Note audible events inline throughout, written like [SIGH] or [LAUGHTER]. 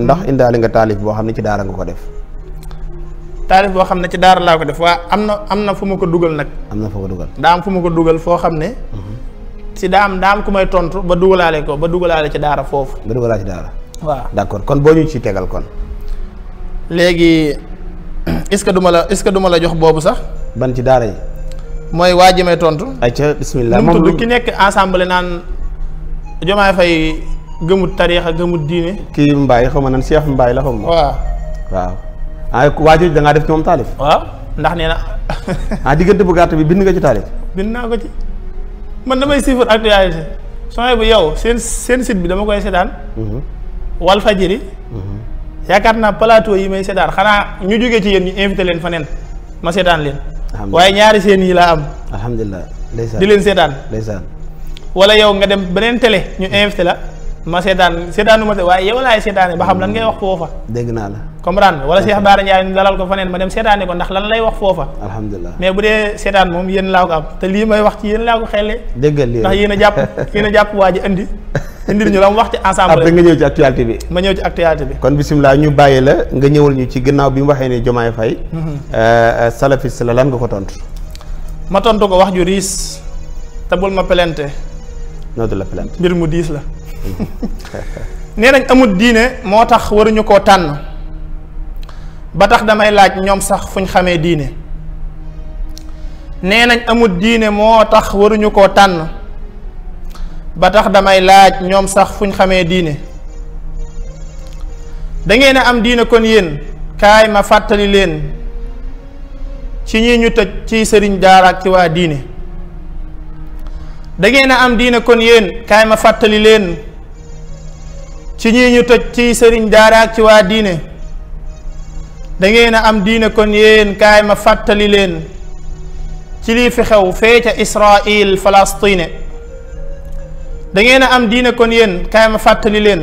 ndax indaale nga taalif boo xam ne ci daara nga ko def. boo xam ne ci daara laa ko def waa am na am na fu ma ko dugal nag. am na fu ma ko dugal daa am fu ma ko dugal foo xam ne. Mhm. ci daam daam ku may tontu ba dugalaale ko ba dugalaale ci daara foofu. ba dugalaale ci daara. waa d'accord kon boo ñu ci tegal kon. léegi [CLEARS THROAT] est-ce que du la est-ce que du la jox boobu sax. ban ci daara yi. mooy waa ji may tontu. ayca bismillah moom lu ki nekk ensemble naan Diomaye fay gëmut tariixa gëmut diine. kii Mbaye xaw ma nan Cheikh Mbaye la xaw ma. waaw waaw. ah waa jooju da ngaa def ci moom taalif. waaw ndax nee na. [LAUGHS] ah diggante bu gàtt bi bind nga ci taalif. bind naa ko ci man damay siifur actualité soo bu yow seen seen site bi dama koy seetaan. Mhm. wal fajiri. Mhm. yaakaar naa plateau yi may seetaan xanaa ñu jógee ci yéen ñu invité leen faneen ma seetaan leen. waaye ñaari seen yi laa am. alhamdulilah. di leen seetaan. ndeysaan. wala yow nga dem beneen télé ñu invité la. ma seetaan seetaanuma de waaye yow laay seetaane ba xam lan ngay wax foofa dégg naa la comprendre wala Cheikh Baara Ndiaye ñu dalal ko faneen ma dem seetaane ko ndax lan lay wax foofa alhamdulilah mais bu dee seetaan moom yéen laa ko am te lii may wax ci yéen laa ko xellee déggal lii ndax yéen a jàpp yéen a jàpp waa ji indi indil ñu la mu wax ci ensemble après nga ñëw ci actualité bi ma ñëw ci actualité bi kon bisimilah ñu bàyyi la nga ñëwal ñu ci gannaaw bi mu waxee ne Diomaye Faye mhm. euh, euh, salafis la lan ko tontu ma tontu ko wax ju riis te bul ma pelente noo la pelente mu diis la [LAUGHS] nee nañ amul diine moo tax waruñu koo tànn ba tax damay laaj ñoom sax fuñ xamee diine nee nañ amut diine moo tax waruñu koo tànn ba tax damay laaj ñoom sax fuñ xamee diine da ngeen am diine kon yéen kaay ma fàttali leen ci ñi ñu tëj ci sëriñ daara ci waa diine da ngeen a am diine kon yéen kaay ma fàttali leen ci ñii ñu toj ci sëriñ daara ak ci waa diine da a am diine kon yéen kaay ma fàttali leen ci lii fi xew fee ca Israël Palestine da a am diine kon yéen kaay ma fàttali leen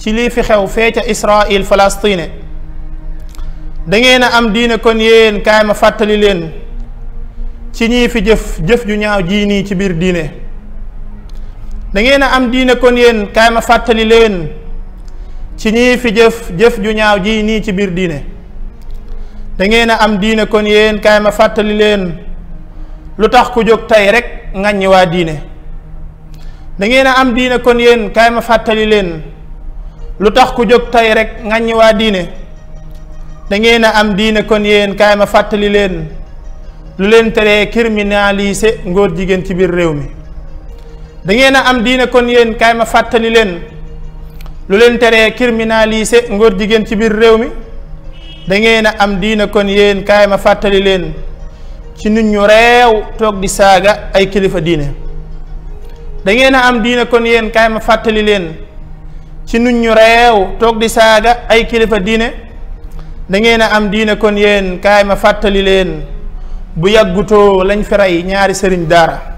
ci lii fi xew fee ca Israël Palestine da am diine kon yéen kaay fàttali leen ci ñii fi jëf jëf ju ñaaw jii nii ci biir diine. dangeen a am diine kon yéen kaay ma fàttali leen ci ñii fi jëf ju ñaaw ji nii ci biir diine dangeen a am diine kon yéen kaay ma fàttali leen lu tax ku jóg tey rek ŋàññi waa diine da a am diine kon yéen kaay ma fàttali leen lu tax ku jóg tey rek ŋàññi diine da ngeen am diine kon yéen kaay fàttali leen lu leen teree criminaliser ngóor jigéen ci biir réew mi dangeen a am diine kon yéen kaay ma fàttali leen lu leen teree criminalisé ngor jigéen ci biir réew mi dangeen a am diine kon yéen kaay ma fàttali leen ci nit ñu réew toog di saaga ay kilifa diine dangeen a am diine kon yéen kaay fàttali leen ci nit ñu toog di saaga ay kilifa diine da am diine kon yéen kaay ma fàttali leen bu yàggutoo lañ fi rey ñaari sëriñ daara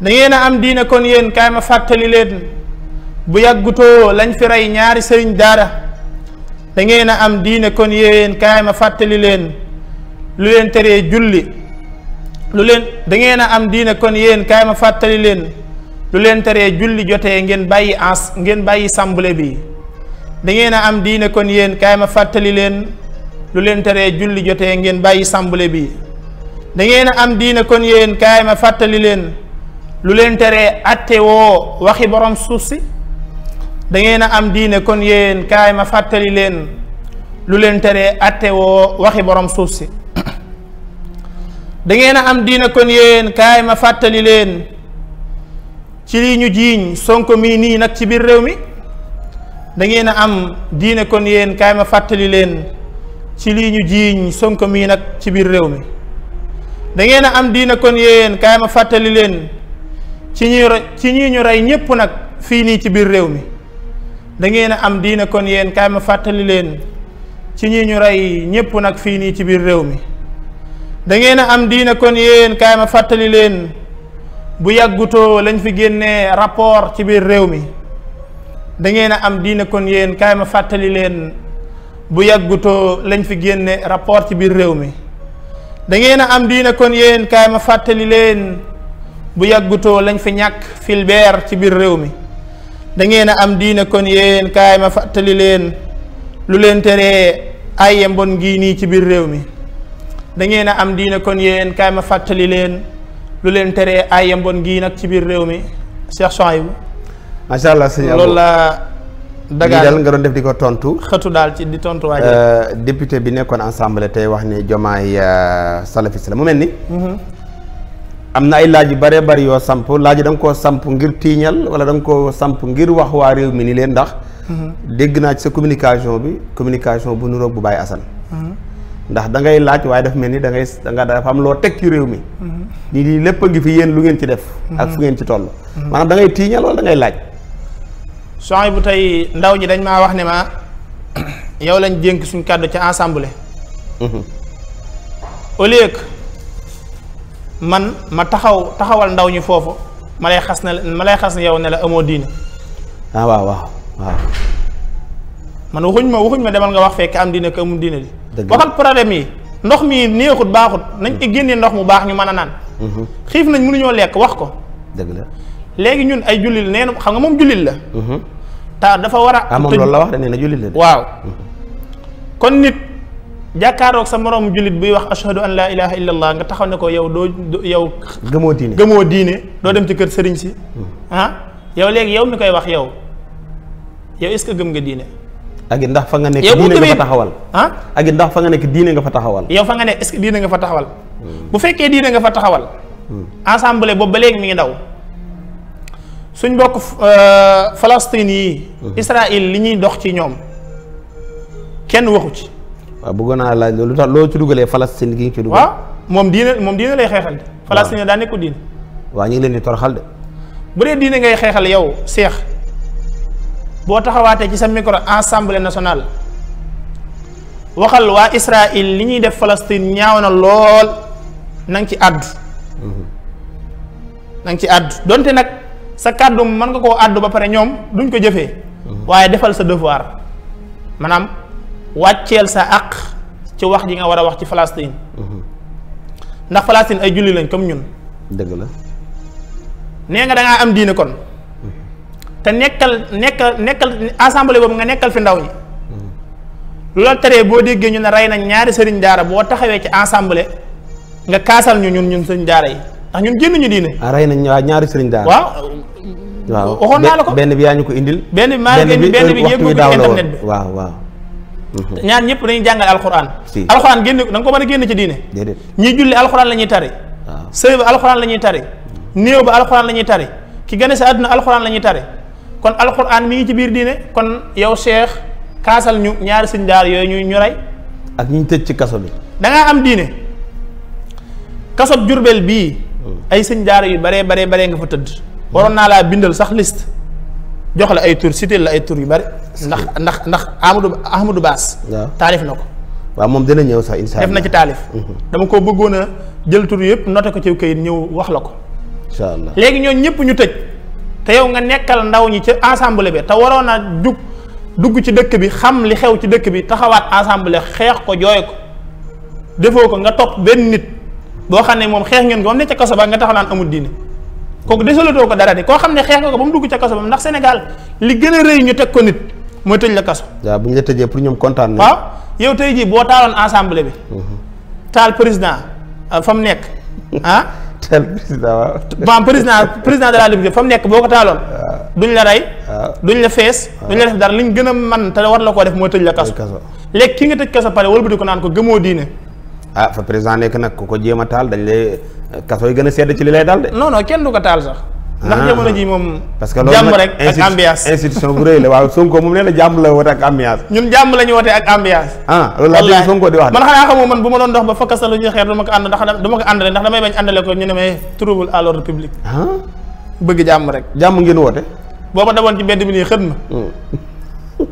da ngeen a am diine kon yéen kaay ma fàttali leen bu yàggutoo lañ fi rey ñaari sëriñ daara da ngeen a am diine kon yéen kaay ma fàttali leen lu leen teree julli lu leen da ngeen a am diine kon yéen kaay ma fàttali leen lu leen teree julli jotee ngeen bàyyi ans ngeen bàyyi sàmbule bi da ngeen a am diine kon yéen kaay ma fàttali leen lu leen teree julli jotee ngeen bàyyi sàmbule bi da ngeen a am diine kon yéen kaay ma fàttali leen lu leen tere atte woo waxi borom suuf si dangeen a am diine kon yéen kaay ma fàttali leen lu leen tere atte woo waxi borom suuf si dangeen a am diine kon yéen kaay ma fàttali leen ci lii ñu jiiñ sonko mii nii nag ci biir réew mi dangeen a am diine kon yéen kaay fàttali leen ci lii ñu jiiñ sonko mii nag ci biir réew mi da a am diine kon yéen kaay ma fàttali leen ci ñuy ci ñi ñu rey ñépp nag fii nii ci biir réew mi da ngeen a am diine kon yéen kaay fàttali leen ci ñi ñu rey ñépp nag fii nii ci biir réew mi dangeen a am diina kon yéen kaay ma fàttali leen bu yàggutoo lañ fi génne rapport ci biir réew mi dangeen a am diina kon yéen kaay ma fàttali leen bu yàggutoo lañ fi génne rapport ci biir réew mi da am diine kon yéen kaay ma fàttali leen bu yàggutoo lañ fi ñàkk Fulbert ci biir réew mi da ngeen a am diine kon yéen kaay ma fàttali leen lu leen teree aye mbon ngi nii ci biir réew mi da ngeen a am diine kon yéen kaay ma fàttali leen lu leen teree aye mbon gii nag ci biir réew mi Cheikh Souhaïbou macha allah sëñ loolu la daga nga doon def di ko tontu. xëtu daal ci di tontu waa euh, député bi nekkoon ensemble tey wax ni jomaay euh, salafiste la mu mel ni. Mhm. am na ay laaj yu bare bari yoo samp laaj da nga koo samp ngir tiiñal wala da nga koo samp ngir wax waa réew mi ni leen ndax mhm. dégg naa ci sa communication bi communication bu nuroog bu Baye Assane mhm. ndax da ngay laaj waaye dafa mel ni da ngay da nga dafa am loo teg ci réew mi ñi mhm. lii lépp a ngi lu ngeen ci def ak fu ngeen ci toll maanaam da ngay tiiñal wala da bu tey ndaw ji dañ ma wax ne ma yow lañ dénk suñ kàddu ca assemblée au lieu man ma taxaw taxawal ndaw ñi foofu ma lay xas ne ma lay xas ne yow ne la amoo diina ah waaw waaw waaw. man waxuñ ma waxuñ ma demal nga wax fekk am diine ko amul diina di. dëgg waxal problème yi ndox mi neexut baaxut nañ ci ndox mu baax ñu man a naan. Mhm. xiif nañ mënuñoo lekk wax ko. dëgg la léegi ñun ay jullit nee na xam nga moom jullit la. Mhm. te dafa war a. ah moom loolu la wax da nee na jullit la de. waaw mhm. kon nit. jàkkaaroog sa moroom jullit buy wax ashhadu an laa ilaha illa allah nga taxaw ne ko yow doo yow gëmoo diine gëmoo diine doo dem ci kër sëriñ si hmm. ah yow léegi yow mi koy wax yow yow est-ce gëm nga diine ak it ndax fa nga nekk diine nga fa taxawal ah ak it fa nga nekk diine nga fa taxawal yow fa nga ne est-ce nga fa taxawal hmm. bu fekkee diine nga fa taxawal assemblée hmm. boobu ba léegi mi ngi daw suñ bokk euh, Palestine yi Israël li ñuy dox ci ñoom kenn waxu ci waaw bëggoon naa laaj loolu tax loo ci dugalee Palestine gi nga ci dugal. waaw moom diine moom diine lay xeexal. waaw Palestine daa nekkul diine. waaw ñu ngi leen di torxal de. bu dee diine ngay xeexal yow seex boo taxawaatee ci sa micro assemblée national waxal waa Israël li ñuy def Palestine ñaaw na lool na ci àddu. Mm-hmm. na ci àddu donte nag sa kàddu mën nga koo àddu ba pare ñoom duñ ko jëfee. Mm-hmm. waaye defal sa devoir maanaam. wàcceel sa àq ci wax ji nga war a wax ci Palestine ndax Palestine ay julli lañ comme ñun dëgg la nee nga dangaa am diine kon te nekkal nekkal nekkal assemblée boobu nga nekkal fi ndaw ñi lu la teree boo déggee ñu ne rey nañ ñaari sëriñ daara boo taxawee ci assemblée nga kaasal ñu ñun ñun sëriñ daara yi ndax ñun génn ñu diine. ah rey nañ ñaari sëriñ daara. waaw waxoon naa la ko benn bi yaa ñu ko indil. benn bi maa ngi benn bi yëngu internet bi waaw waaw. Mhm. ñaar ñëpp dañuy jàngale alxuraan alxuraan génne da nga ko mën a génne ci diine ñiy julli alxuraan la ñuy tari sëy ba alxuraan la ñuy tari néew ba alxuraan la ñuy tari ki gane sa àdduna alxuraan la ñuy tari kon alxuraan mi ngi ci biir diine kon yow Cheikh kaasal ñu ñaari sëñ yooyu ñu ñu ak ñu tëj ci kaso bi danga am diine kaso Jurbel bii hmm. ay sëñ daar yu baree baree baree nga fa tëdd waroon naa laa bindal sax list jox la ay tur cité la ay tur yu bari. ndax ndax ndax Amadou Amadou Baas. taalif na ko. waaw moom dina ñëw sax incha allah def na ci taalif. Mhm. dama ko bëggoon a jël tur yëpp noté ko ci kayit ñëw wax la ko. incha léegi ñooñu ñëpp ñu tëj te yow nga nekkal ndaw ñi ci ensemble bi te waroon a jug dugg ci dëkk bi xam li xew ci dëkk bi taxawaat ensemble xeex ko jooy ko defoo ko nga topp benn nit boo xam ne moom xeex ngeen ko moom ne ca kaso ba nga taxaw naan amul diine. kooku desalatoo ko dara de koo xam ne xeex nga ko ba mu dugg ca kaso ba ndax Sénégal li gën a rëy ñu teg ko nit mooy tëj la kaso. waaw bu ñu la tëjee pour ñoom kontaan nañ. waaw jii boo taaloon assemblée bi. Mhm. taal président euh, fa mu nekk ah. [LAUGHS] taal président waaw. maam président président de la République fa mu nekk boo ko taaloon. duñ la rey. duñ la fees. duñ la def dara liñ gën a man te war la koo def mooy tëj la kaso. léegi ki nga tëj kaso pare wëlbati ko naan ko gëmoo diine. ah fa président nekk nag ku ko jéem a taal dañ lay. kaso yi gën a sedd ci li lay dal de. non kenn du ko taal sax. ndax ah. jamono ji moom. parce que loolu nag ak ambiance nee na jàmm la wote ak ambiance. ñun jàmm la wote ak ambiance. ah loolu laa dégg Sonko di wax man xanaa xamoo man bu ma doon dox ba fakk sa lu ñu xeer du ma ko ànd ndax du ma ko àndale ndax damay bañ àndale ko ñu ne may trouble à l'ordre public. Ah. bëgg jàmm rek. jàmm ngeen woote. boo ma daboon ci mbedd bi nii xët ma. Hmm.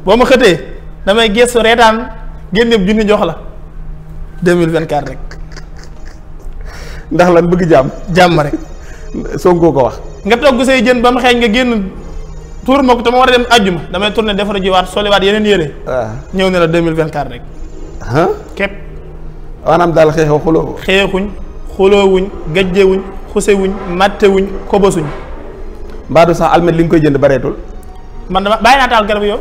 boo ma xëtee damay gëstu reetaan génneeb junni jox la 2024 rek. ndax lan bëgg jàmm jàmm rek [LAUGHS] Sonko ko wax nga togg say jën ba mu xeeñ nga génn tuur ma te ma war a dem àjjuma damay tourné defar jiwaat soliwaat yeneen yére waaw ah. ñëw ne la 2024 rek ah képp maanaam daal xeexoo xuloo xeexuñ xuloowuñ gajjewuñ xusewuñ màttewuñ kobasuñ mbaadu sax almet li nga koy jënd bareetul man dama bàyyi naa taal garab yow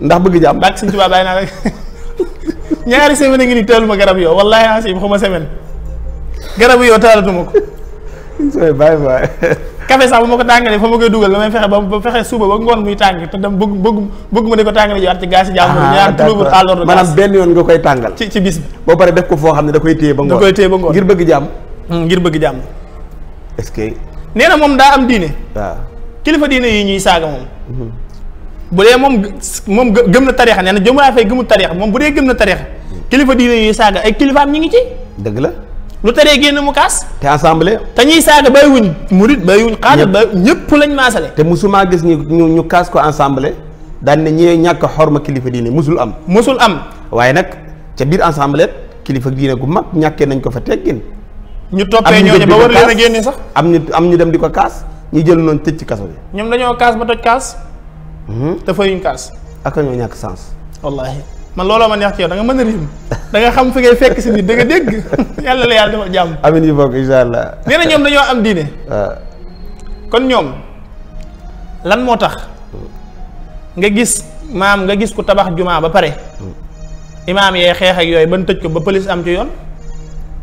ndax bëgg jàmm bàkk suñ tubaab bàyyi naa rek [LAUGHS] ñaari semaine ngi ni teeluma garab yow wallaahi asim xuma semaine garab yow taalatuma ko. sooy bàyyi bàyyi. café sax bu ma ko tàngalee fa ma koy dugal damay fexe ba ba fexe suba ba ngoon muy tàng te dem bëgg bëgg bëgg ma di ko tàngalee jiwaat ci gaz yi. Ah, benn yoon nga koy tàngal. ci ci bis bi. boo paree def ko foo xam ne da koy téye ba ngoon da koy ngir bëgg jàmm. Hmm, ngir bëgg jàmm. ce que. nee na moom daa am diine. waaw ah. kilifa diine yi ñuy saaga moom. Mm-hmm. bu dee moom moom gëm na tarixa nee na jëmale fay gëmul tarixa moom bu dee gëm na tarixa mm. kilifa diine yi saaga ay kilifaam ñi ngi ci dëgg la lu teree génn mu kaas. te assemblée. te ñuy saaga bàyyiwuñ murit wuñ xaalis ba ñëpp lañ maasale. te musuma gis ñu ñu kaas ko assemblée daan ne ñee ñàkk xor ma kilifa diine musul am. mosul am. waaye nag ca biir assemblée kilifa diine gu mag ñàkkee nañ ko fa teggin. ñu toppee ñooñu ba war leen génne sax am ñu am ñu dem di ko kaas ñu jël noonu tëj ci kaso bi. ñoom dañoo kaas ba toj kaas. Hmm? te fayuñ kaas. ak ñoo ñàkk sens. wallaahi. man looloo ma neex ci yow da nga mën a riim da xam fi ngay fekk si nit da nga dégg [LAUGHS] yàlla la yàlla defal jàmm. amiin yu bokk incha allah. nee ñoom dañoo am diine. Ah. kon ñoom lan moo tax nga gis maam nga gis ku tabax jumaa ba pare imaam yee xeex ak yooyu ban tëj ko ba police am ci yoon.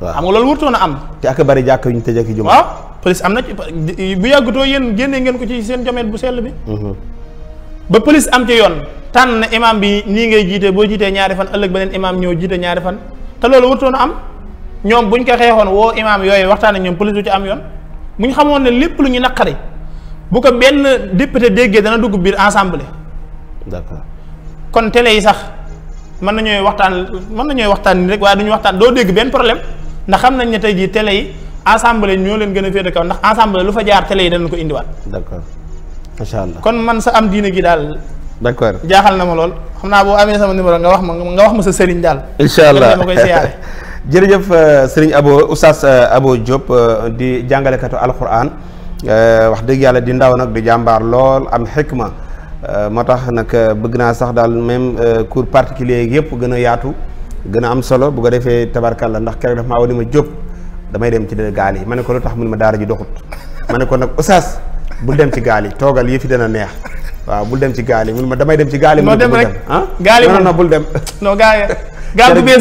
waaw xam nga loolu wurtoon a am. te ak bari jàkk yu ñu tëj ak jumaa. waaw police am na bu yàggutoo yéen génne ngeen ko ci seen jomet bu sell bi. Mm-hmm. ba police am ci yoon tànn na imaam bi nii ngay jiite boo jiitee ñaari fan ëllëg beneen imaam ñëw jiite ñaari fan te loolu warutoon am ñoom buñ ko xeexoon woo imaam yooyu waxtaan ak ñoom police du ci am yoon bu ñu xamoon ne lépp lu ñu naqari bu ko benn député déggee dana dugg biir ensemble. d'accord kon télé yi sax mën nañooy waxtaan mën nañooy waxtaan ni rek waaye duñu waxtaan doo dégg benn problème ndax xam nañ ne tey jii tele yi ensemble ñoo leen gën a féete ndax ensemble lu fa yi danañ ko indiwaat. d'accord macha allah kon man sa am diine gi daal. d' accord jaaxal na ma lool xam naa boo amee sama numéro nga wax ma nga wax ma sa sëriñ daal. incha allah ma koy siyaare. [LAUGHS] jërëjëf euh, sëriñ aboo Oustaz euh, Abo Diop euh, di jàngalekatu alquran wax dëgg yàlla di ndaw nag di jàmbaar lool am xikma moo tax nag bëgg naa sax daal même cour particulier yëpp gën a yaatu gën a am solo bu ko defee la ndax keroog dafa maa woo ni ma Diop damay dem ci gaal yi man ne ko lu tax mu ne ma daara ji doxut ma ne bul dem ci gaal yi toogal yëf yi dana neex waaw bul dem ci gaal yi mun ma damay dem ci gaal yi. noo dem rek ah gaal yi non bul dem. non gaal yi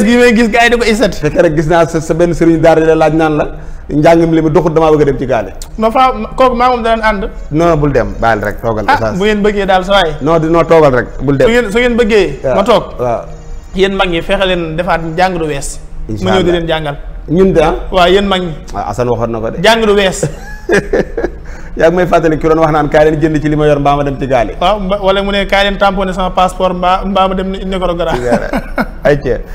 gi may gis gars yi da ko rek gis naa sa benn sëriñ daara di laaj naan la njàngam li mu doxut damaa bëgg a dem ci gaal yi. non faa kooku maa moom ànd. non bul dem baal rek toogal. ah bu ngeen bëggee daal saa yi. non non toogal rek bul dem. su ngeen su bëggee. ma toog waaw yéen mag ñi fexe leen defaat jàng du wees. ma ñëw di leen jàngal. ñun de ah. waaw yéen mag ñi. waaw ah, Assane waxoon na ko de. jàng du wees [LAUGHS] yaa ngi may fàttali ki wax naan kaay leen jënd ci li ma yor mbaa ma dem ci gaal yi waaw wala mu ne kaay leen sama passeport mbaa mbaa ma dem Nicaragua ay